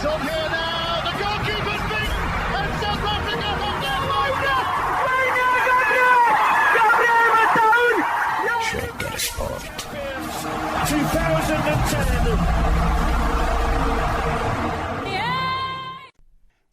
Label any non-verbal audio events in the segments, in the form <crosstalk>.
He's up here.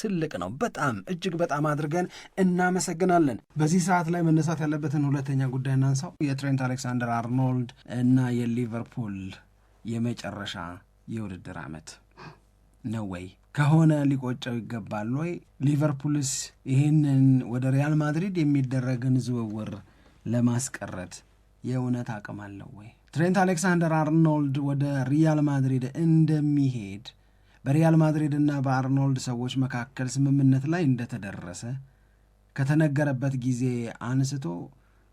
ትልቅ ነው። በጣም እጅግ በጣም አድርገን እናመሰግናለን። በዚህ ሰዓት ላይ መነሳት ያለበትን ሁለተኛ ጉዳይ እናንሳው። የትሬንት አሌክሳንደር አርኖልድ እና የሊቨርፑል የመጨረሻ የውድድር ዓመት ነው ወይ ከሆነ ሊቆጨው ይገባል ወይ? ሊቨርፑልስ ይህንን ወደ ሪያል ማድሪድ የሚደረግን ዝውውር ለማስቀረት የእውነት አቅም አለው ወይ? ትሬንት አሌክሳንደር አርኖልድ ወደ ሪያል ማድሪድ እንደሚሄድ በሪያል ማድሪድ እና በአርኖልድ ሰዎች መካከል ስምምነት ላይ እንደተደረሰ ከተነገረበት ጊዜ አንስቶ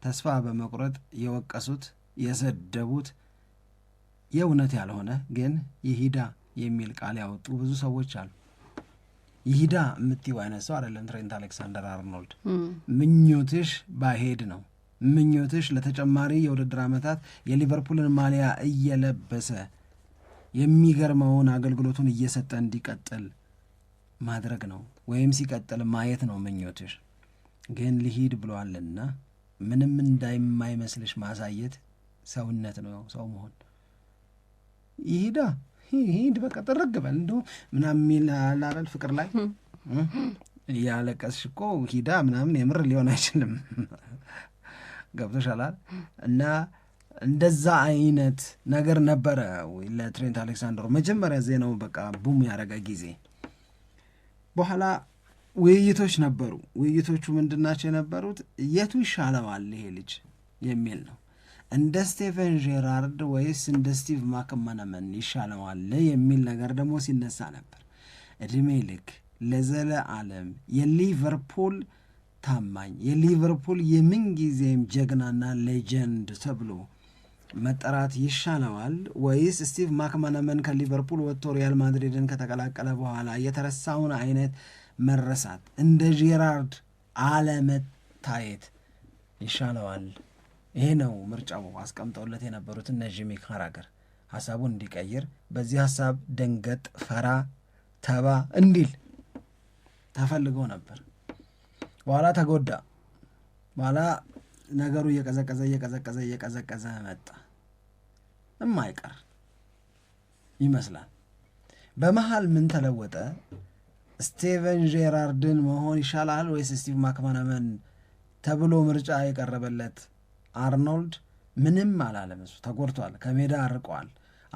ተስፋ በመቁረጥ የወቀሱት የሰደቡት የእውነት ያልሆነ ግን ይሂዳ የሚል ቃል ያወጡ ብዙ ሰዎች አሉ። ይሂዳ የምትይው አይነት ሰው አይደለም ትሬንት አሌክሳንደር አርኖልድ። ምኞትሽ ባሄድ ነው ምኞትሽ ለተጨማሪ የውድድር ዓመታት የሊቨርፑልን ማሊያ እየለበሰ የሚገርመውን አገልግሎቱን እየሰጠ እንዲቀጥል ማድረግ ነው፣ ወይም ሲቀጥል ማየት ነው ምኞትሽ። ግን ልሂድ ብሏልና ምንም እንዳይማይመስልሽ ማሳየት ሰውነት ነው፣ ሰው መሆን። ይሄዳ ይሄድ በቃ ጥርግ በል እንዲሁ ምናምን ላለል ፍቅር ላይ እያለቀስሽ እኮ ሂዳ ምናምን የምር ሊሆን አይችልም። ገብቶሻል እና እንደዛ አይነት ነገር ነበረ ለትሬንት አሌክሳንደር መጀመሪያ ዜናው በቃ ቡም ያደረገ ጊዜ በኋላ ውይይቶች ነበሩ። ውይይቶቹ ምንድናቸው የነበሩት? የቱ ይሻለዋል ይሄ ልጅ የሚል ነው። እንደ ስቴቨን ጄራርድ ወይስ እንደ ስቲቭ ማክመነመን ይሻለዋል የሚል ነገር ደግሞ ሲነሳ ነበር። እድሜ ልክ ለዘለ ዓለም የሊቨርፑል ታማኝ የሊቨርፑል የምንጊዜም ጀግናና ሌጀንድ ተብሎ መጠራት ይሻለዋል ወይስ ስቲቭ ማክማናመን ከሊቨርፑል ወጥቶ ሪያል ማድሪድን ከተቀላቀለ በኋላ የተረሳውን አይነት መረሳት እንደ ጄራርድ አለመታየት ይሻለዋል? ይሄ ነው ምርጫው። አስቀምጠውለት የነበሩት እነ ጂሚ ካራገር ሀሳቡን እንዲቀይር በዚህ ሀሳብ ደንገጥ ፈራ ተባ እንዲል ተፈልገው ነበር። በኋላ ተጎዳ። በኋላ ነገሩ እየቀዘቀዘ እየቀዘቀዘ እየቀዘቀዘ መጣ። እማይቀር ይመስላል። በመሃል ምን ተለወጠ? ስቴቨን ጄራርድን መሆን ይሻላል ወይስ ስቲቭ ማክማናመን ተብሎ ምርጫ የቀረበለት አርኖልድ ምንም አላለም። እሱ ተጎድቷል፣ ከሜዳ አርቋል።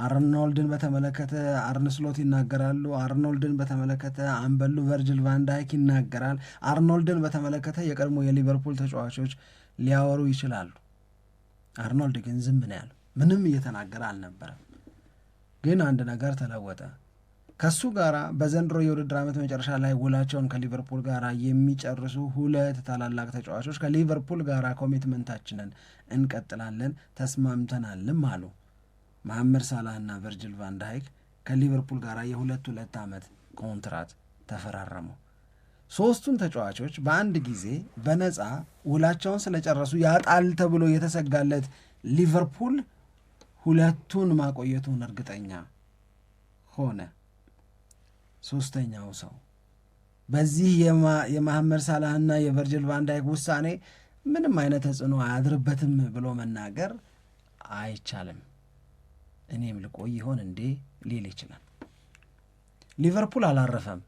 አርኖልድን በተመለከተ አርንስሎት ይናገራሉ። አርኖልድን በተመለከተ አምበሉ ቨርጅል ቫንዳይክ ይናገራል። አርኖልድን በተመለከተ የቀድሞ የሊቨርፑል ተጫዋቾች ሊያወሩ ይችላሉ። አርኖልድ ግን ዝም ነው ያለው። ምንም እየተናገረ አልነበረም። ግን አንድ ነገር ተለወጠ። ከሱ ጋር በዘንድሮ የውድድር ዓመት መጨረሻ ላይ ውላቸውን ከሊቨርፑል ጋር የሚጨርሱ ሁለት ታላላቅ ተጫዋቾች ከሊቨርፑል ጋር ኮሚትመንታችንን እንቀጥላለን ተስማምተናልም አሉ። መሐመድ ሳላህ እና ቨርጅል ቫንዳይክ ከሊቨርፑል ጋር የሁለት ሁለት ዓመት ኮንትራት ተፈራረሙ። ሶስቱን ተጫዋቾች በአንድ ጊዜ በነፃ ውላቸውን ስለጨረሱ ያጣል ተብሎ የተሰጋለት ሊቨርፑል ሁለቱን ማቆየቱን እርግጠኛ ሆነ። ሶስተኛው ሰው በዚህ የማህመድ ሳላህና የቨርጅል ቫንዳይክ ውሳኔ ምንም አይነት ተጽዕኖ አያድርበትም ብሎ መናገር አይቻልም። እኔም ልቆይ ይሆን እንዴ ሊል ይችላል። ሊቨርፑል አላረፈም።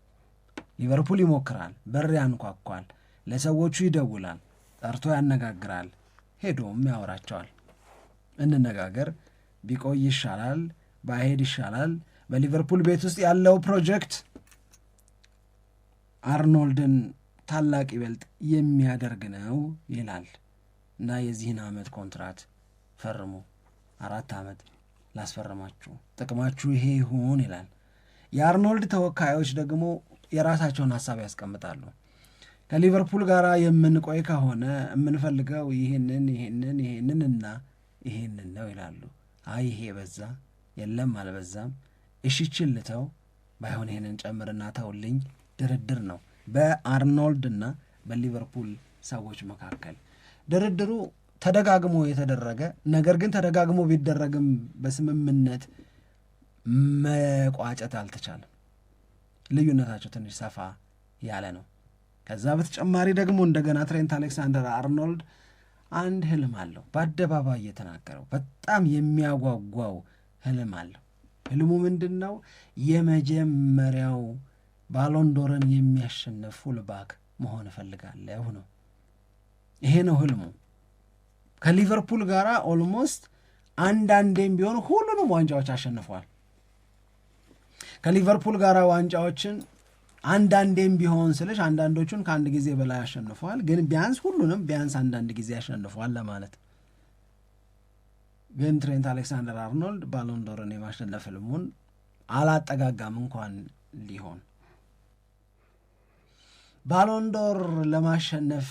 ሊቨርፑል ይሞክራል፣ በር ያንኳኳል፣ ለሰዎቹ ይደውላል፣ ጠርቶ ያነጋግራል፣ ሄዶም ያወራቸዋል። እንነጋገር፣ ቢቆይ ይሻላል፣ ባሄድ ይሻላል። በሊቨርፑል ቤት ውስጥ ያለው ፕሮጀክት አርኖልድን ታላቅ ይበልጥ የሚያደርግ ነው ይላል እና የዚህን ዓመት ኮንትራት ፈርሙ፣ አራት ዓመት ላስፈርማችሁ፣ ጥቅማችሁ ይሄ ይሁን ይላል። የአርኖልድ ተወካዮች ደግሞ የራሳቸውን ሀሳብ ያስቀምጣሉ። ከሊቨርፑል ጋር የምንቆይ ከሆነ የምንፈልገው ይህንን ይህንን ይህንን እና ይህንን ነው ይላሉ። አይ ይሄ በዛ የለም አልበዛም፣ እሽችን ልተው ባይሆን ይህንን ጨምርና ተውልኝ ድርድር ነው በአርኖልድ እና በሊቨርፑል ሰዎች መካከል። ድርድሩ ተደጋግሞ የተደረገ ነገር ግን ተደጋግሞ ቢደረግም በስምምነት መቋጨት አልተቻለም። ልዩነታቸው ትንሽ ሰፋ ያለ ነው። ከዛ በተጨማሪ ደግሞ እንደገና ትሬንት አሌክሳንደር አርኖልድ አንድ ህልም አለው፣ በአደባባይ እየተናገረው በጣም የሚያጓጓው ህልም አለው። ህልሙ ምንድን ነው? የመጀመሪያው ባሎንዶርን የሚያሸንፍ ፉልባክ መሆን እፈልጋለሁ ነው። ይሄ ነው ህልሙ። ከሊቨርፑል ጋር ኦልሞስት አንዳንዴም ቢሆን ሁሉንም ዋንጫዎች አሸንፏል። ከሊቨርፑል ጋር ዋንጫዎችን አንዳንዴም ቢሆን ስልሽ አንዳንዶቹን ከአንድ ጊዜ በላይ አሸንፈዋል፣ ግን ቢያንስ ሁሉንም ቢያንስ አንዳንድ ጊዜ አሸንፈዋል ለማለት ግን ትሬንት አሌክሳንደር አርኖልድ ባሎንዶርን የማሸነፍ ህልሙን አላጠጋጋም እንኳን ሊሆን ባሎንዶር ለማሸነፍ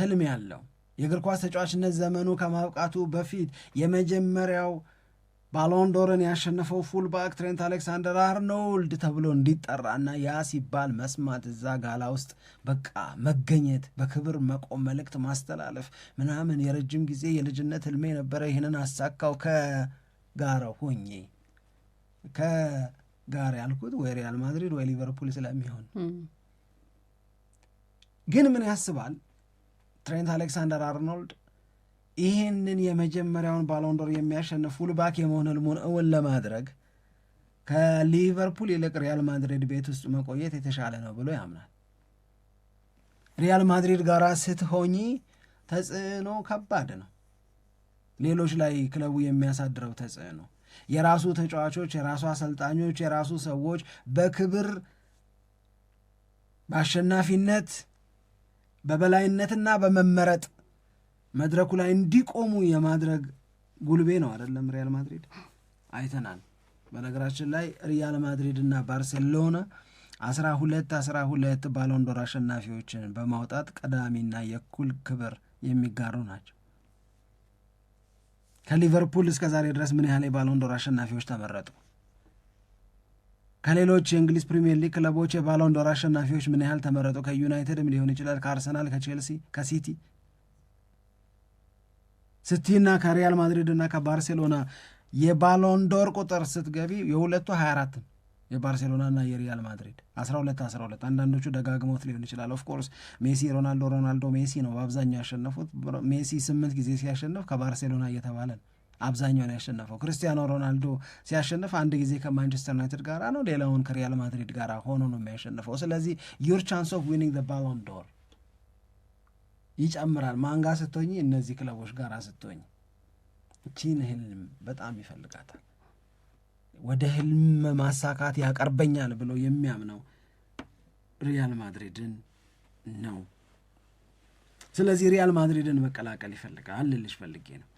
ህልም ያለው የእግር ኳስ ተጫዋችነት ዘመኑ ከማብቃቱ በፊት የመጀመሪያው ባሎንዶርን ያሸነፈው ፉልባክ ትሬንት አሌክሳንደር አርኖልድ ተብሎ እንዲጠራና ያ ሲባል መስማት እዛ ጋላ ውስጥ በቃ መገኘት በክብር መቆም መልእክት ማስተላለፍ ምናምን የረጅም ጊዜ የልጅነት ህልሜ ነበረ። ይህንን አሳካው ከጋር ሆኜ ከጋር ያልኩት ወይ ሪያል ማድሪድ ወይ ሊቨርፑል ስለሚሆን ግን ምን ያስባል ትሬንት አሌክሳንደር አርኖልድ ይህንን የመጀመሪያውን ባሎንዶር የሚያሸንፍ ፉልባክ የመሆን ህልሙን እውን ለማድረግ ከሊቨርፑል ይልቅ ሪያል ማድሪድ ቤት ውስጥ መቆየት የተሻለ ነው ብሎ ያምናል። ሪያል ማድሪድ ጋር ስትሆኚ ተጽዕኖ ከባድ ነው። ሌሎች ላይ ክለቡ የሚያሳድረው ተጽዕኖ የራሱ ተጫዋቾች፣ የራሱ አሰልጣኞች፣ የራሱ ሰዎች በክብር በአሸናፊነት በበላይነትና በመመረጥ መድረኩ ላይ እንዲቆሙ የማድረግ ጉልቤ ነው አይደለም ሪያል ማድሪድ አይተናል። በነገራችን ላይ ሪያል ማድሪድ እና ባርሴሎና አስራ ሁለት አስራ ሁለት ባሎንዶር አሸናፊዎችን በማውጣት ቀዳሚና የእኩል ክብር የሚጋሩ ናቸው። ከሊቨርፑል እስከ ዛሬ ድረስ ምን ያህል የባሎንዶር አሸናፊዎች ተመረጡ? ከሌሎች የእንግሊዝ ፕሪምየር ሊግ ክለቦች የባሎንዶር አሸናፊዎች ምን ያህል ተመረጡ? ከዩናይትድም ሊሆን ይችላል፣ ከአርሰናል፣ ከቼልሲ፣ ከሲቲ፣ ስቲና ከሪያል ማድሪድ እና ከባርሴሎና የባሎንዶር ቁጥር ስትገቢ የሁለቱ 24 የባርሴሎና እና የሪያል ማድሪድ 12 12 አንዳንዶቹ ደጋግሞት ሊሆን ይችላል። ኦፍኮርስ ሜሲ ሮናልዶ ሮናልዶ ሜሲ ነው በአብዛኛው ያሸነፉት። ሜሲ ስምንት ጊዜ ሲያሸንፍ ከባርሴሎና እየተባለ ነው አብዛኛውን ያሸነፈው። ክርስቲያኖ ሮናልዶ ሲያሸንፍ አንድ ጊዜ ከማንቸስተር ዩናይትድ ጋር ነው፣ ሌላውን ከሪያል ማድሪድ ጋር ሆኖ ነው የሚያሸንፈው። ስለዚህ ዩር ቻንስ ኦፍ ዊኒንግ ባሎንዶር ይጨምራል። ማንጋ ስትሆኝ እነዚህ ክለቦች ጋር ስትሆኝ እቺን ህልም በጣም ይፈልጋታል። ወደ ህልም ማሳካት ያቀርበኛል ብሎ የሚያምነው ሪያል ማድሪድን ነው። ስለዚህ ሪያል ማድሪድን መቀላቀል ይፈልጋል ልልሽ ፈልጌ ነው።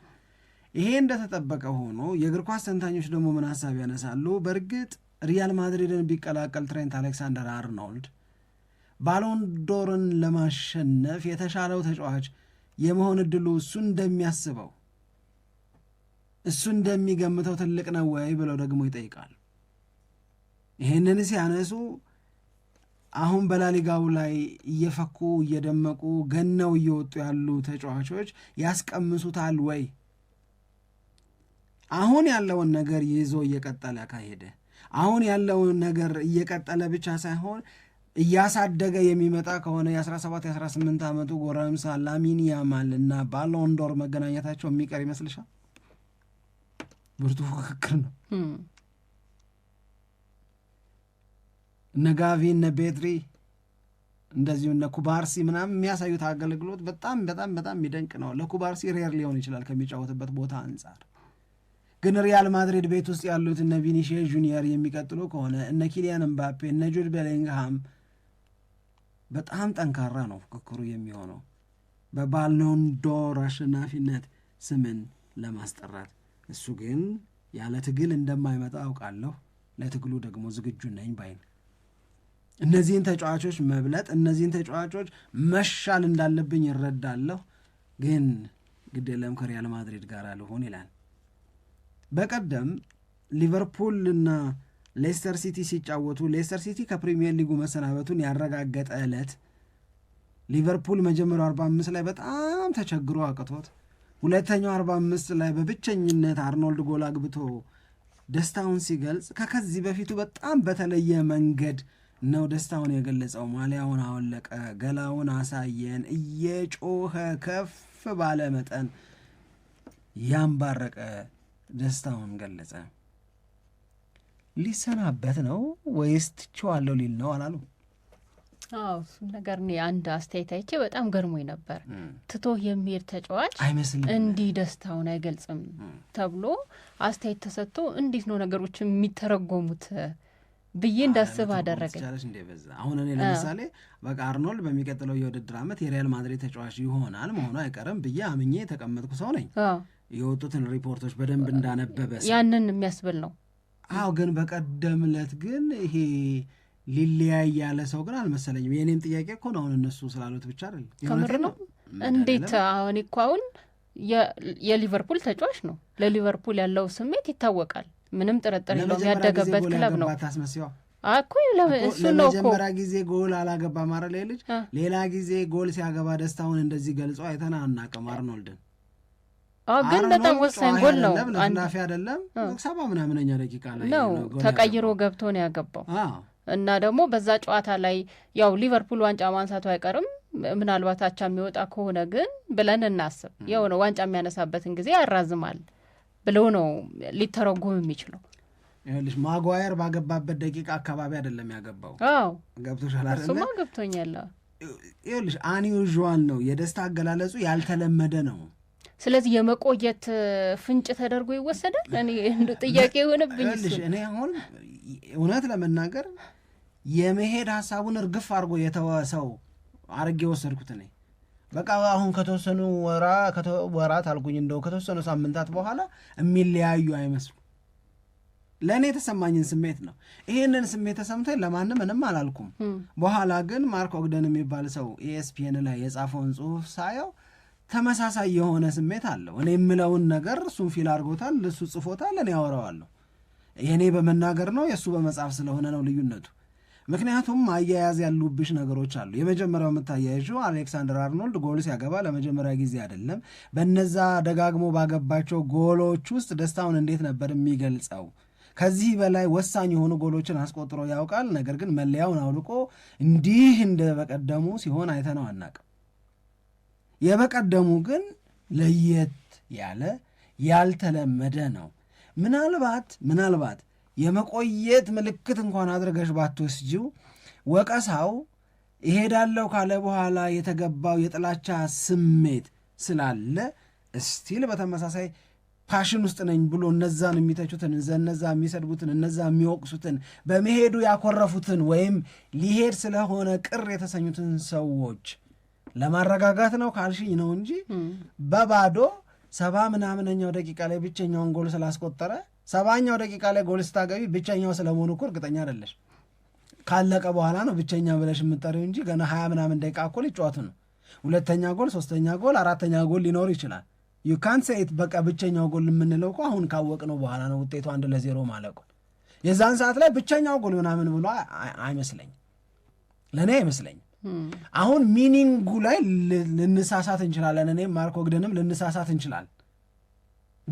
ይሄ እንደተጠበቀ ሆኖ የእግር ኳስ ተንታኞች ደግሞ ምን ሀሳብ ያነሳሉ? በእርግጥ ሪያል ማድሪድን ቢቀላቀል ትሬንት አሌክሳንደር አርኖልድ ባሎንዶርን ለማሸነፍ የተሻለው ተጫዋች የመሆን እድሉ እሱ እንደሚያስበው እሱ እንደሚገምተው ትልቅ ነው ወይ ብለው ደግሞ ይጠይቃል። ይህንን ሲያነሱ አሁን በላሊጋው ላይ እየፈኩ እየደመቁ ገነው እየወጡ ያሉ ተጫዋቾች ያስቀምሱታል ወይ? አሁን ያለውን ነገር ይዞ እየቀጠለ ካሄደ አሁን ያለውን ነገር እየቀጠለ ብቻ ሳይሆን እያሳደገ የሚመጣ ከሆነ የ17 የ18 ዓመቱ ጎረምሳ ላሚን ያማል እና ባሎንዶር መገናኘታቸው የሚቀር ይመስልሻል? ብርቱ ፉክክር ነው። እነ ጋቪ እነ ቤድሪ እንደዚሁ እነ ኩባርሲ ምናምን የሚያሳዩት አገልግሎት በጣም በጣም በጣም የሚደንቅ ነው። ለኩባርሲ ሬር ሊሆን ይችላል ከሚጫወትበት ቦታ አንጻር ግን ሪያል ማድሪድ ቤት ውስጥ ያሉት እነ ቪኒሽ ጁኒየር የሚቀጥሉ ከሆነ እነ ኪሊያን ምባፔ እነ ጁድ ቤሊንግሃም በጣም ጠንካራ ነው ፉክክሩ የሚሆነው በባሎን ዶር አሸናፊነት ስምን ለማስጠራት። እሱ ግን ያለ ትግል እንደማይመጣ አውቃለሁ፣ ለትግሉ ደግሞ ዝግጁ ነኝ ባይ እነዚህን ተጫዋቾች መብለጥ፣ እነዚህን ተጫዋቾች መሻል እንዳለብኝ ይረዳለሁ፣ ግን ግድ ከሪያል ማድሪድ ጋር ልሆን ይላል። በቀደም ሊቨርፑል እና ሌስተር ሲቲ ሲጫወቱ ሌስተር ሲቲ ከፕሪሚየር ሊጉ መሰናበቱን ያረጋገጠ ዕለት ሊቨርፑል መጀመሪያው 45 ላይ በጣም ተቸግሮ አቅቶት ሁለተኛው 45 ላይ በብቸኝነት አርኖልድ ጎል አግብቶ ደስታውን ሲገልጽ ከከዚህ በፊቱ በጣም በተለየ መንገድ ነው ደስታውን የገለጸው። ማሊያውን አወለቀ፣ ገላውን አሳየን፣ እየጮኸ ከፍ ባለ መጠን ያንባረቀ ደስታውን ገለጸ። ሊሰናበት ነው ወይስ ትችዋለሁ ሊል ነው አላሉ። አዎ ነገር እኔ አንድ አስተያየት አይቼ በጣም ገርሞኝ ነበር። ትቶህ የሚሄድ ተጫዋች እንዲህ ደስታውን አይገልጽም ተብሎ አስተያየት ተሰጥቶ እንዴት ነው ነገሮች የሚተረጎሙት ብዬ እንዳስብ አደረገኝ። አሁን እኔ ለምሳሌ በቃ አርኖልድ በሚቀጥለው የውድድር ዓመት የሪያል ማድሪድ ተጫዋች ይሆናል መሆኑ አይቀርም ብዬ አምኜ የተቀመጥኩ ሰው ነኝ። የወጡትን ሪፖርቶች በደንብ እንዳነበበ ያንን የሚያስብል ነው አዎ ግን በቀደም ዕለት ግን ይሄ ሊለያይ ያለ ሰው ግን አልመሰለኝም። የእኔም ጥያቄ እኮ ነው። አሁን እነሱ ስላሉት ብቻ አይደለም ከምር ነው። እንዴት አሁን እኮ አሁን የሊቨርፑል ተጫዋች ነው። ለሊቨርፑል ያለው ስሜት ይታወቃል። ምንም ጥርጥር የለውም። ያደገበት ክለብ ነው። እኮ እሱ ነው ለመጀመሪያ ጊዜ ጎል አላገባ ማረ ልጅ ሌላ ጊዜ ጎል ሲያገባ ደስታውን እንደዚህ ገልጾ አይተን አናውቅም። አርኖልድን ግን በጣም ወሳኝ ጎል ነው። ናፊ አይደለም ሰባ ምናምነኛ ደቂቃ ላይ ነው ተቀይሮ ገብቶ ነው ያገባው እና ደግሞ በዛ ጨዋታ ላይ ያው ሊቨርፑል ዋንጫ ማንሳቱ አይቀርም ምናልባት አቻ የሚወጣ ከሆነ ግን ብለን እናስብ የሆነ ዋንጫ የሚያነሳበትን ጊዜ ያራዝማል ብለው ነው ሊተረጎም የሚችለው። ይኸውልሽ ማጓየር ባገባበት ደቂቃ አካባቢ አይደለም ያገባው። አዎ ገብቶሻል አይደለ? እሱማ ገብቶኛል። ይኸውልሽ አኒውዥዋል ነው የደስታ አገላለጹ ያልተለመደ ነው። ስለዚህ የመቆየት ፍንጭ ተደርጎ ይወሰዳል። እኔ እንደው ጥያቄ የሆነብኝ እኔ አሁን እውነት ለመናገር የመሄድ ሀሳቡን እርግፍ አድርጎ የተወሰው አርጌ የወሰድኩት እኔ በቃ አሁን ከተወሰኑ ወራ ወራት አልኩኝ እንደው ከተወሰኑ ሳምንታት በኋላ የሚለያዩ አይመስሉ ለእኔ የተሰማኝን ስሜት ነው። ይህንን ስሜት ተሰምቶኝ ለማንም ምንም አላልኩም። በኋላ ግን ማርክ ኦግደን የሚባል ሰው ኢኤስፒኤን ላይ የጻፈውን ጽሁፍ ሳየው ተመሳሳይ የሆነ ስሜት አለው። እኔ የምለውን ነገር እሱን ፊል አድርጎታል፣ እሱ ጽፎታል፣ እኔ ያወረዋለሁ። የእኔ በመናገር ነው የእሱ በመጻፍ ስለሆነ ነው ልዩነቱ። ምክንያቱም አያያዝ ያሉብሽ ነገሮች አሉ። የመጀመሪያው የምታያይዥው አሌክሳንደር አርኖልድ ጎል ሲያገባ ለመጀመሪያ ጊዜ አይደለም። በነዛ ደጋግሞ ባገባቸው ጎሎች ውስጥ ደስታውን እንዴት ነበር የሚገልጸው? ከዚህ በላይ ወሳኝ የሆኑ ጎሎችን አስቆጥሮ ያውቃል። ነገር ግን መለያውን አውልቆ እንዲህ እንደ በቀደሙ ሲሆን አይተነው አናቅም። የበቀደሙ ግን ለየት ያለ ያልተለመደ ነው። ምናልባት ምናልባት የመቆየት ምልክት እንኳን አድርገሽ ባትወስጂው ወቀሳው ይሄዳለው ካለ በኋላ የተገባው የጥላቻ ስሜት ስላለ እስቲል በተመሳሳይ ፓሽን ውስጥ ነኝ ብሎ እነዛን የሚተቹትን እነዛ የሚሰድቡትን እነዛ የሚወቅሱትን በመሄዱ ያኮረፉትን ወይም ሊሄድ ስለሆነ ቅር የተሰኙትን ሰዎች ለማረጋጋት ነው ካልሽኝ ነው እንጂ በባዶ ሰባ ምናምነኛው ደቂቃ ላይ ብቸኛውን ጎል ስላስቆጠረ ሰባኛው ደቂቃ ላይ ጎል ስታገቢ ብቸኛው ስለመሆኑ እኮ እርግጠኛ አይደለሽ። ካለቀ በኋላ ነው ብቸኛ ብለሽ የምጠሪው እንጂ ገና ሀያ ምናምን ደቂቃ እኮ ሊጫወቱ ነው። ሁለተኛ ጎል፣ ሶስተኛ ጎል፣ አራተኛ ጎል ሊኖር ይችላል። ዩ ካን ሴት በቃ ብቸኛው ጎል የምንለው እኮ አሁን ካወቅ ነው በኋላ ነው ውጤቱ አንድ ለዜሮ ማለቁ። የዛን ሰዓት ላይ ብቸኛው ጎል ምናምን ብሎ አይመስለኝ፣ ለእኔ አይመስለኝ አሁን ሚኒንጉ ላይ ልንሳሳት እንችላለን። እኔ ማርክ ኦግደንም ልንሳሳት እንችላለን።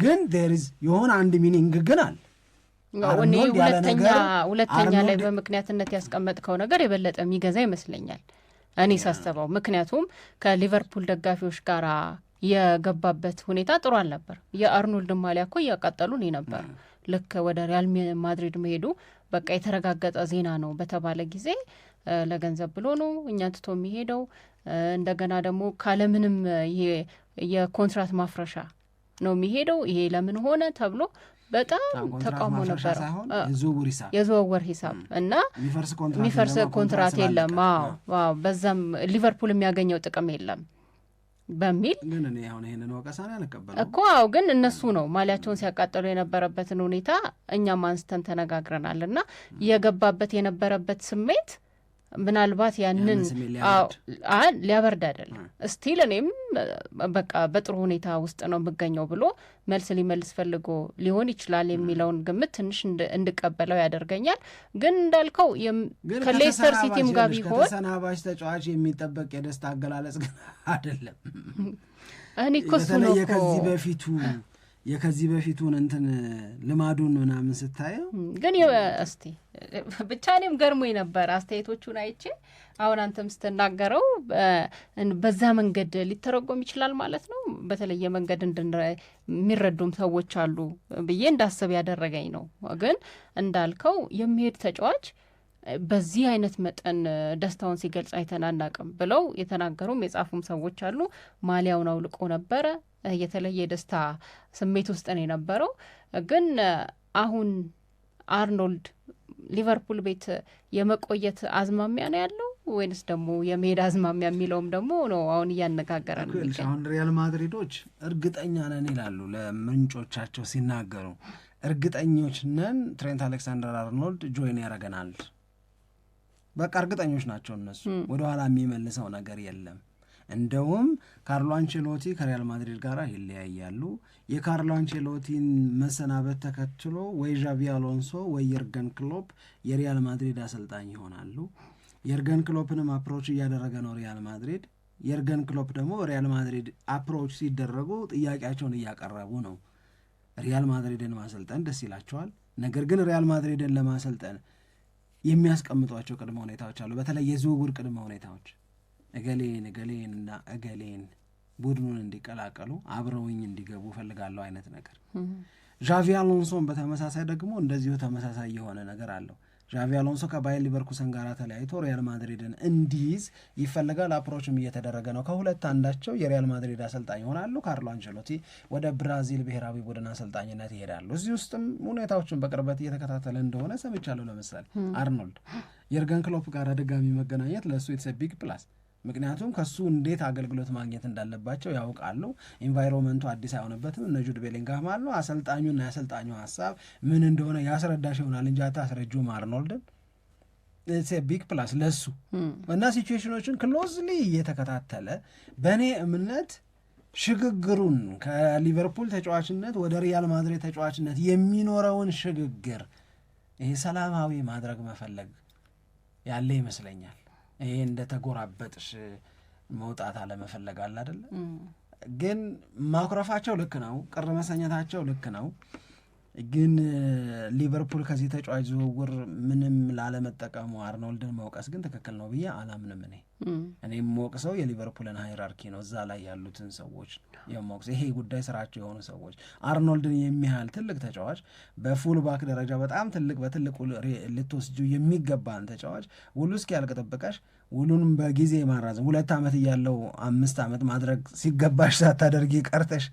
ግን ዴርዝ የሆነ አንድ ሚኒንግ ግን አለ። ሁለተኛ ሁለተኛ ላይ በምክንያትነት ያስቀመጥከው ነገር የበለጠ የሚገዛ ይመስለኛል እኔ ሳስበው። ምክንያቱም ከሊቨርፑል ደጋፊዎች ጋር የገባበት ሁኔታ ጥሩ አልነበር። የአርኖልድ ማሊያ እኮ እኔ ነበር። ልክ ወደ ሪያል ማድሪድ መሄዱ በቃ የተረጋገጠ ዜና ነው በተባለ ጊዜ ለገንዘብ ብሎ ነው እኛ ትቶ የሚሄደው። እንደገና ደግሞ ካለምንም ይሄ የኮንትራት ማፍረሻ ነው የሚሄደው። ይሄ ለምን ሆነ ተብሎ በጣም ተቃውሞ ነበረ። የዝውውር ሂሳብ እና የሚፈርስ ኮንትራት የለም። አዎ በዛም ሊቨርፑል የሚያገኘው ጥቅም የለም በሚል ግን እኔ አሁን ይህንን እኮ። አዎ ግን እነሱ ነው ማሊያቸውን ሲያቃጠሉ የነበረበትን ሁኔታ እኛም አንስተን ተነጋግረናል እና የገባበት የነበረበት ስሜት ምናልባት ያንን ሊያበርድ አይደለም እስቲል እኔም በቃ በጥሩ ሁኔታ ውስጥ ነው የምገኘው ብሎ መልስ ሊመልስ ፈልጎ ሊሆን ይችላል የሚለውን ግምት ትንሽ እንድቀበለው ያደርገኛል። ግን እንዳልከው ከሌስተር ሲቲም ጋር ቢሆን ከተሰናባሽ ተጫዋች የሚጠበቅ የደስታ አገላለጽ ግን አይደለም። እኔ እኮ እሱ ነው ከዚህ በፊቱ የከዚህ በፊቱን እንትን ልማዱን ምናምን ስታየው ግን እስቲ ብቻ እኔም ገርሞኝ ነበር አስተያየቶቹን አይቼ። አሁን አንተም ስትናገረው በዛ መንገድ ሊተረጎም ይችላል ማለት ነው። በተለየ መንገድ የሚረዱም ሰዎች አሉ ብዬ እንዳስብ ያደረገኝ ነው። ግን እንዳልከው የሚሄድ ተጫዋች በዚህ አይነት መጠን ደስታውን ሲገልጽ አይተን ብለው የተናገሩም የጻፉም ሰዎች አሉ። ማሊያውን አውልቆ ነበረ የተለየ ደስታ ስሜት ውስጥ ነው የነበረው። ግን አሁን አርኖልድ ሊቨርፑል ቤት የመቆየት አዝማሚያ ነው ያለው ወይንስ ደግሞ የመሄድ አዝማሚያ የሚለውም ደግሞ ነው አሁን እያነጋገረ ነው። አሁን ሪያል ማድሪዶች እርግጠኛ ነን ይላሉ ለምንጮቻቸው ሲናገሩ፣ እርግጠኞች ነን ትሬንት አሌክሳንደር አርኖልድ ጆይን ያደርገናል። በቃ እርግጠኞች ናቸው እነሱ። ወደኋላ የሚመልሰው ነገር የለም እንደውም ካርሎ አንቸሎቲ ከሪያል ማድሪድ ጋር ይለያያሉ። የካርሎ አንቸሎቲን መሰናበት ተከትሎ ወይ ዣቪ አሎንሶ ወይ የርገን ክሎፕ የሪያል ማድሪድ አሰልጣኝ ይሆናሉ። የርገን ክሎፕንም አፕሮች እያደረገ ነው ሪያል ማድሪድ። የርገን ክሎፕ ደግሞ ሪያል ማድሪድ አፕሮች ሲደረጉ ጥያቄያቸውን እያቀረቡ ነው። ሪያል ማድሪድን ማሰልጠን ደስ ይላቸዋል። ነገር ግን ሪያል ማድሪድን ለማሰልጠን የሚያስቀምጧቸው ቅድመ ሁኔታዎች አሉ። በተለይ የዝውውር ቅድመ ሁኔታዎች እገሌን እገሌን እና እገሌን ቡድኑን እንዲቀላቀሉ አብረውኝ እንዲገቡ እፈልጋለሁ አይነት ነገር። ዣቪ አሎንሶን በተመሳሳይ ደግሞ እንደዚሁ ተመሳሳይ የሆነ ነገር አለው። ዣቪ አሎንሶ ከባየር ሊቨርኩሰን ጋር ተለያይቶ ሪያል ማድሪድን እንዲይዝ ይፈልጋል። አፕሮችም እየተደረገ ነው። ከሁለት አንዳቸው የሪያል ማድሪድ አሰልጣኝ ይሆናሉ። ካርሎ አንቸሎቲ ወደ ብራዚል ብሔራዊ ቡድን አሰልጣኝነት ይሄዳሉ። እዚህ ውስጥም ሁኔታዎችን በቅርበት እየተከታተለ እንደሆነ ሰምቻለሁ። ለምሳሌ አርኖልድ የርገን ክሎፕ ጋር ድጋሚ መገናኘት ለእሱ የተሰ ቢግ ፕላስ ምክንያቱም ከሱ እንዴት አገልግሎት ማግኘት እንዳለባቸው ያውቃሉ። ኢንቫይሮንመንቱ አዲስ አይሆንበትም። እነ ጁድ ቤሊንጋም አሉ። አሰልጣኙና የአሰልጣኙ ሀሳብ ምን እንደሆነ ያስረዳሽ ይሆናል እንጂ አታስረጂውም አርኖልድን ቢግ ፕላስ ለሱ hmm. እና ሲቹዌሽኖችን ክሎዝሊ እየተከታተለ በእኔ እምነት ሽግግሩን ከሊቨርፑል ተጫዋችነት ወደ ሪያል ማድሪድ ተጫዋችነት የሚኖረውን ሽግግር ይሄ ሰላማዊ ማድረግ መፈለግ ያለ ይመስለኛል። ይሄ እንደተጎራበጥሽ መውጣት አለመፈለግ አለ አደለ። ግን ማኩረፋቸው ልክ ነው፣ ቅር መሰኘታቸው ልክ ነው። ግን ሊቨርፑል ከዚህ ተጫዋች ዝውውር ምንም ላለመጠቀሙ አርኖልድን መውቀስ ግን ትክክል ነው ብዬ አላምንም እኔ እኔ የምወቅሰው የሊቨርፑልን ሃይራርኪ ነው፣ እዛ ላይ ያሉትን ሰዎች የምወቅሰው ይሄ ጉዳይ ስራቸው የሆኑ ሰዎች አርኖልድን የሚያህል ትልቅ ተጫዋች በፉልባክ ደረጃ በጣም ትልቅ በትልቁ ልትወስጁ የሚገባን ተጫዋች ውሉ እስኪ ጠብቀሽ ውሉንም በጊዜ ማራዘም ሁለት ዓመት እያለው አምስት ዓመት ማድረግ ሲገባሽ ሳታደርጊ ቀርተሽ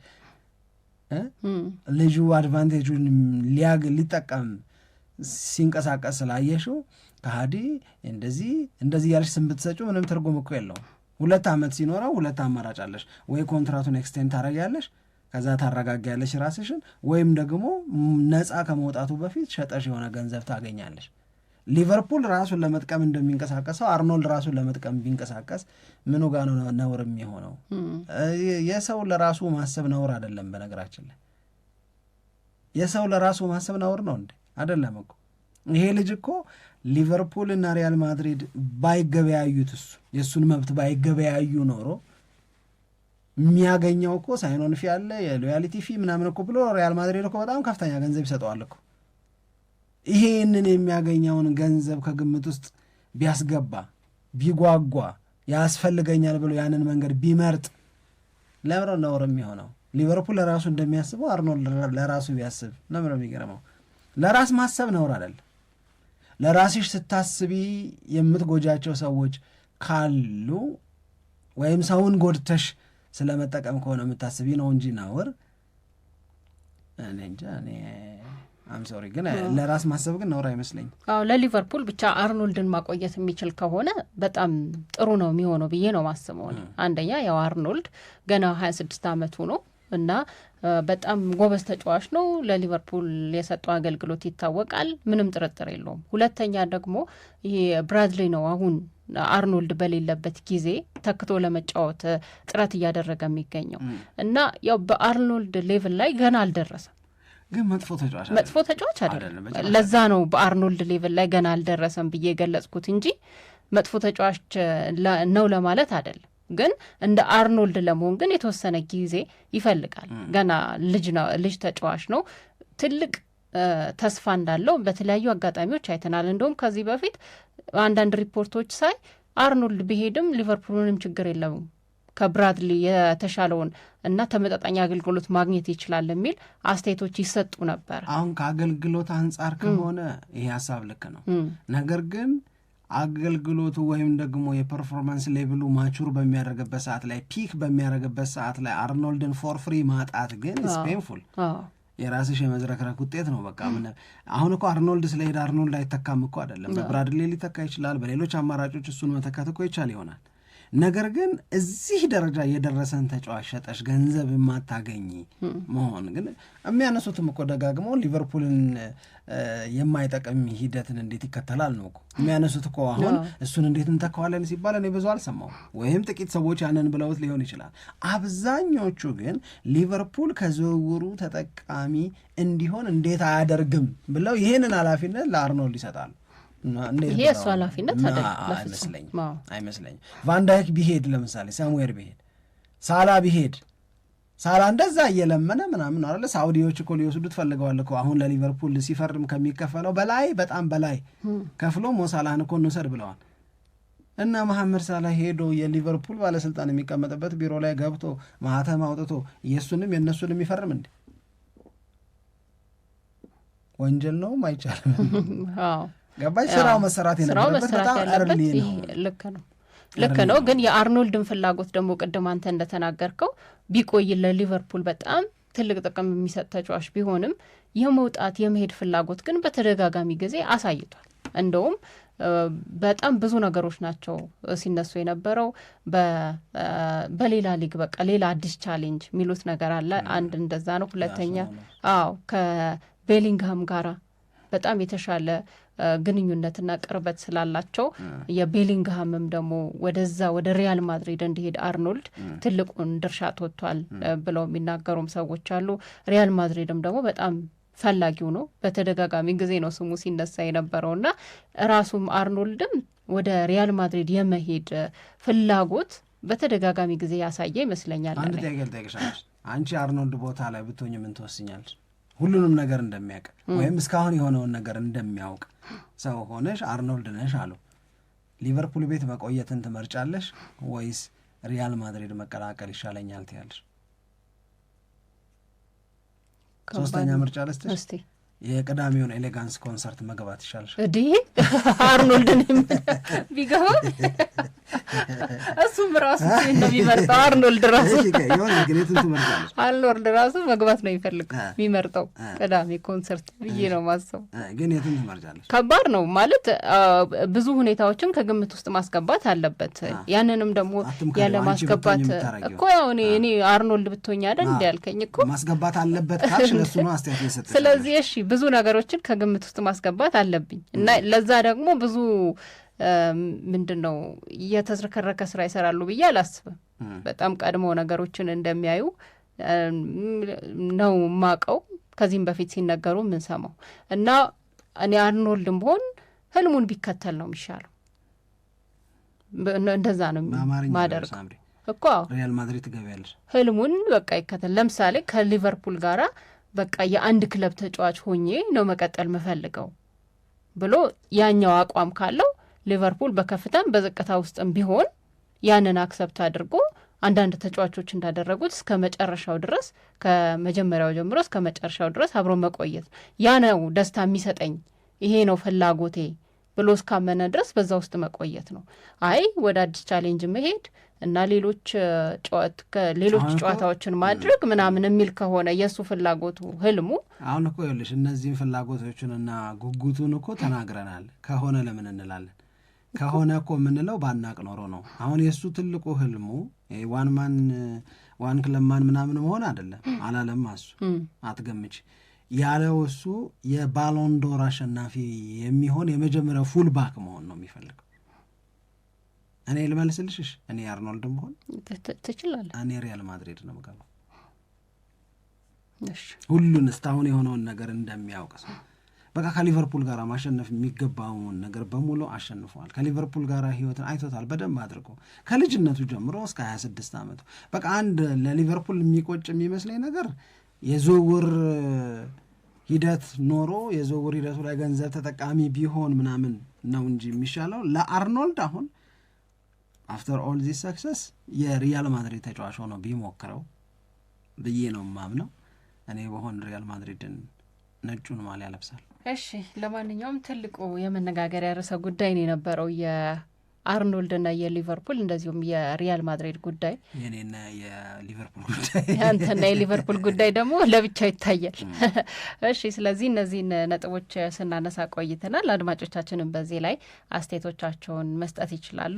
ልጁ አድቫንቴጁን ሊያግ ሊጠቀም ሲንቀሳቀስ ስላየሽው ከሃዲ እንደዚህ እንደዚህ ያለሽ ስም ብትሰጩ ምንም ትርጉም እኮ የለውም። ሁለት ዓመት ሲኖረው ሁለት አማራጭ አለሽ። ወይ ኮንትራቱን ኤክስቴንድ ታረጊያለሽ፣ ከዛ ታረጋጊያለሽ ራስሽን፣ ወይም ደግሞ ነፃ ከመውጣቱ በፊት ሸጠሽ የሆነ ገንዘብ ታገኛለሽ። ሊቨርፑል ራሱን ለመጥቀም እንደሚንቀሳቀሰው አርኖልድ ራሱን ለመጥቀም ቢንቀሳቀስ ምኑ ጋ ነው ነውር የሚሆነው? የሰው ለራሱ ማሰብ ነውር አይደለም። በነገራችን ላይ የሰው ለራሱ ማሰብ ነውር ነው እንዴ? አደለም እኮ ይሄ ልጅ እኮ ሊቨርፑል እና ሪያል ማድሪድ ባይገበያዩት እሱ የእሱን መብት ባይገበያዩ ኖሮ የሚያገኘው እኮ ሳይኖን ፊ አለ የሎያሊቲ ፊ ምናምን እኮ ብሎ ሪያል ማድሪድ እኮ በጣም ከፍተኛ ገንዘብ ይሰጠዋል እኮ። ይሄንን የሚያገኘውን ገንዘብ ከግምት ውስጥ ቢያስገባ ቢጓጓ ያስፈልገኛል ብሎ ያንን መንገድ ቢመርጥ ለምረ ነውር የሚሆነው ሊቨርፑል ለራሱ እንደሚያስበው አርኖልድ ለራሱ ቢያስብ ለምረ የሚገርመው ለራስ ማሰብ ነውር አይደል። ለራስሽ ስታስቢ የምትጎጃቸው ሰዎች ካሉ ወይም ሰውን ጎድተሽ ስለመጠቀም ከሆነ የምታስቢ ነው እንጂ ነውር እንጃ እኔ ግን ለራስ ማሰብ ግን ነውር አይመስለኝ። አዎ ለሊቨርፑል ብቻ አርኖልድን ማቆየት የሚችል ከሆነ በጣም ጥሩ ነው የሚሆነው ብዬ ነው ማስበው። አንደኛ ያው አርኖልድ ገና ሀያ ስድስት ዓመቱ ነው እና በጣም ጎበዝ ተጫዋች ነው። ለሊቨርፑል የሰጠው አገልግሎት ይታወቃል፣ ምንም ጥርጥር የለውም። ሁለተኛ ደግሞ ይሄ ብራድሊ ነው አሁን አርኖልድ በሌለበት ጊዜ ተክቶ ለመጫወት ጥረት እያደረገ የሚገኘው እና ያው በአርኖልድ ሌቭል ላይ ገና አልደረሰም ግን መጥፎ ተጫዋች መጥፎ ተጫዋች አይደለም። ለዛ ነው በአርኖልድ ሌቭል ላይ ገና አልደረሰም ብዬ የገለጽኩት እንጂ መጥፎ ተጫዋች ነው ለማለት አይደለም። ግን እንደ አርኖልድ ለመሆን ግን የተወሰነ ጊዜ ይፈልጋል። ገና ልጅ ነው፣ ልጅ ተጫዋች ነው። ትልቅ ተስፋ እንዳለው በተለያዩ አጋጣሚዎች አይተናል። እንደውም ከዚህ በፊት አንዳንድ ሪፖርቶች ሳይ አርኖልድ ቢሄድም ሊቨርፑል ምንም ችግር የለውም ከብራድሊ የተሻለውን እና ተመጣጣኝ አገልግሎት ማግኘት ይችላል የሚል አስተያየቶች ይሰጡ ነበር። አሁን ከአገልግሎት አንጻር ከሆነ ይሄ ሀሳብ ልክ ነው። ነገር ግን አገልግሎቱ ወይም ደግሞ የፐርፎርማንስ ሌቭሉ ማቹር በሚያደርግበት ሰዓት ላይ ፒክ በሚያደርግበት ሰዓት ላይ አርኖልድን ፎር ፍሪ ማጣት ግን ስፔንፉል የራስሽ የመዝረክረክ ውጤት ነው። በቃ ምን አሁን እኮ አርኖልድ ስለሄደ አርኖልድ አይተካም እኮ አይደለም። በብራድሌ ሊተካ ይችላል። በሌሎች አማራጮች እሱን መተካት እኮ ይቻል ይሆናል። ነገር ግን እዚህ ደረጃ የደረሰን ተጫዋች ሸጠሽ ገንዘብ የማታገኝ መሆን ግን የሚያነሱትም እኮ ደጋግሞ ሊቨርፑልን የማይጠቅም ሂደትን እንዴት ይከተላል ነው እኮ የሚያነሱት እኮ አሁን እሱን እንዴት እንተካዋለን ሲባል እኔ ብዙ አልሰማው ወይም ጥቂት ሰዎች ያንን ብለውት ሊሆን ይችላል። አብዛኞቹ ግን ሊቨርፑል ከዝውውሩ ተጠቃሚ እንዲሆን እንዴት አያደርግም ብለው ይህንን ኃላፊነት ለአርኖልድ ይሰጣሉ። ይሄ እሱ ኃላፊነት ቫንዳይክ ቢሄድ ለምሳሌ ሳሙኤል ቢሄድ ሳላ ቢሄድ ሳላ እንደዛ እየለመነ ምናምን አለ። ሳውዲዎች እኮ ሊወስዱት ፈልገዋል እኮ አሁን ለሊቨርፑል ሲፈርም ከሚከፈለው በላይ በጣም በላይ ከፍሎ ሞሳላህን እኮ እንውሰድ ብለዋል። እና መሐመድ ሳላ ሄዶ የሊቨርፑል ባለስልጣን የሚቀመጥበት ቢሮ ላይ ገብቶ ማህተም አውጥቶ የእሱንም የእነሱን የሚፈርም እንዴ? ወንጀል ነውም አይቻልም። <laughs> ገባሽ? ስራው መሰራት የነበረበት በጣም አርሊ ነው። ልክ ነው ልክ ነው። ግን የአርኖልድን ፍላጎት ደግሞ ቅድም አንተ እንደተናገርከው ቢቆይ ለሊቨርፑል በጣም ትልቅ ጥቅም የሚሰጥ ተጫዋች ቢሆንም የመውጣት የመሄድ ፍላጎት ግን በተደጋጋሚ ጊዜ አሳይቷል። እንደውም በጣም ብዙ ነገሮች ናቸው ሲነሱ የነበረው። በሌላ ሊግ በቃ ሌላ አዲስ ቻሌንጅ የሚሉት ነገር አለ። አንድ እንደዛ ነው። ሁለተኛ አዎ ከቤሊንግሃም ጋራ በጣም የተሻለ ግንኙነትና ቅርበት ስላላቸው የቤሊንግሃምም ደግሞ ወደዛ ወደ ሪያል ማድሪድ እንዲሄድ አርኖልድ ትልቁን ድርሻ ተወጥቷል ብለው የሚናገሩም ሰዎች አሉ። ሪያል ማድሪድም ደግሞ በጣም ፈላጊው ነው። በተደጋጋሚ ጊዜ ነው ስሙ ሲነሳ የነበረውና ራሱም አርኖልድም ወደ ሪያል ማድሪድ የመሄድ ፍላጎት በተደጋጋሚ ጊዜ ያሳየ ይመስለኛል። አንድ ጥያቄ ልጠይቅሻለች። አንቺ አርኖልድ ቦታ ላይ ብትሆኝ ምን ትወስኛለች? ሁሉንም ነገር እንደሚያውቅ ወይም እስካሁን የሆነውን ነገር እንደሚያውቅ ሰው ሆነሽ አርኖልድ ነሽ አሉ። ሊቨርፑል ቤት መቆየትን ትመርጫለሽ ወይስ ሪያል ማድሪድ መቀላቀል ይሻለኛል ትያለሽ? ሶስተኛ ምርጫ ልስትሽ የቅዳሜውን ኤሌጋንስ ኮንሰርት መግባት ይሻልሽ። እዲህ አርኖልድን ቢገባ እሱም ራሱ እንደሚመርጠው አርኖልድ ራሱ አርኖልድ ራሱ መግባት ነው የሚፈልግ የሚመርጠው ቅዳሜ ኮንሰርት ብዬ ነው ማሰቡ። ግን የትን ትመርጫለች? ከባድ ነው ማለት ብዙ ሁኔታዎችን ከግምት ውስጥ ማስገባት አለበት። ያንንም ደግሞ ያለማስገባት እኮ ያው እኔ አርኖልድ ብትሆኝ አይደል እንዲ ያልከኝ እኮ ማስገባት አለበት ካልሽ ለሱ ነው አስተያየት የሰጠ። ስለዚህ እሺ ብዙ ነገሮችን ከግምት ውስጥ ማስገባት አለብኝ እና ለዛ ደግሞ ብዙ ምንድን ነው እየተዝረከረከ ስራ ይሰራሉ ብዬ አላስብም። በጣም ቀድሞ ነገሮችን እንደሚያዩ ነው ማቀው ከዚህም በፊት ሲነገሩ የምንሰማው እና እኔ አርኖልድም ብሆን ህልሙን ቢከተል ነው የሚሻለው። እንደዛ ነው ማደርግ እኮ ሪያል ማድሪድ ትገቢያለሽ። ህልሙን በቃ ይከተል። ለምሳሌ ከሊቨርፑል ጋር በቃ የአንድ ክለብ ተጫዋች ሆኜ ነው መቀጠል የምፈልገው ብሎ ያኛው አቋም ካለው ሊቨርፑል በከፍታም በዝቅታ ውስጥም ቢሆን ያንን አክሰብት አድርጎ አንዳንድ ተጫዋቾች እንዳደረጉት እስከ መጨረሻው ድረስ ከመጀመሪያው ጀምሮ እስከ መጨረሻው ድረስ አብሮ መቆየት ነው። ያ ነው ደስታ የሚሰጠኝ ይሄ ነው ፍላጎቴ ብሎ እስካመነ ድረስ በዛ ውስጥ መቆየት ነው። አይ ወደ አዲስ ቻሌንጅ መሄድ እና ሌሎች ሌሎች ጨዋታዎችን ማድረግ ምናምን የሚል ከሆነ የእሱ ፍላጎቱ ህልሙ አሁን እኮ ይኸውልሽ እነዚህም ፍላጎቶችን እና ጉጉቱን እኮ ተናግረናል። ከሆነ ለምን እንላለን ከሆነ እኮ የምንለው ባናቅ ኖሮ ነው። አሁን የእሱ ትልቁ ህልሙ ዋን ማን ዋን ክለማን ምናምን መሆን አይደለም። አላለም አሱ አትገምች ያለው እሱ የባሎንዶር አሸናፊ የሚሆን የመጀመሪያው ፉል ባክ መሆን ነው የሚፈልገው። እኔ ልመልስልሽሽ፣ እኔ አርኖልድ መሆን ትችላለህ፣ እኔ ሪያል ማድሪድ ነው ምገባው። ሁሉን እስካሁን የሆነውን ነገር እንደሚያውቅ ሰው በቃ ከሊቨርፑል ጋር ማሸነፍ የሚገባውን ነገር በሙሉ አሸንፈዋል። ከሊቨርፑል ጋር ህይወትን አይቶታል በደንብ አድርጎ ከልጅነቱ ጀምሮ እስከ 26 ዓመቱ። በቃ አንድ ለሊቨርፑል የሚቆጭ የሚመስለኝ ነገር የዝውውር ሂደት ኖሮ የዝውውር ሂደቱ ላይ ገንዘብ ተጠቃሚ ቢሆን ምናምን ነው እንጂ የሚሻለው ለአርኖልድ አሁን አፍተር ኦል ዚስ ሰክሰስ የሪያል ማድሪድ ተጫዋች ሆኖ ቢሞክረው ብዬ ነው የማምነው። እኔ በሆን ሪያል ማድሪድን ነጩን ማሊያ ለብሳል። እሺ ለማንኛውም ትልቁ የመነጋገሪያ ርዕሰ ጉዳይ ነው የነበረው አርኖልድና የሊቨርፑል እንደዚሁም የሪያል ማድሪድ ጉዳይ የኔና የሊቨርፑል ጉዳይ <laughs> የሊቨርፑል ጉዳይ ደግሞ ለብቻው ይታያል። <laughs> እሺ፣ ስለዚህ እነዚህን ነጥቦች ስናነሳ ቆይተናል። አድማጮቻችንም በዚህ ላይ አስተያየቶቻቸውን መስጠት ይችላሉ።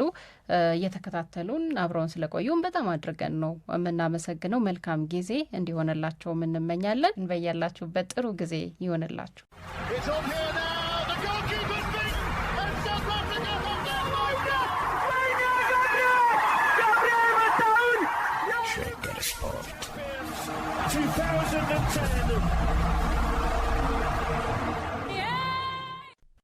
እየተከታተሉን አብረውን ስለቆዩም በጣም አድርገን ነው የምናመሰግነው። መልካም ጊዜ እንዲሆንላቸውም እንመኛለን። በያላችሁበት ጥሩ ጊዜ ይሆንላችሁ።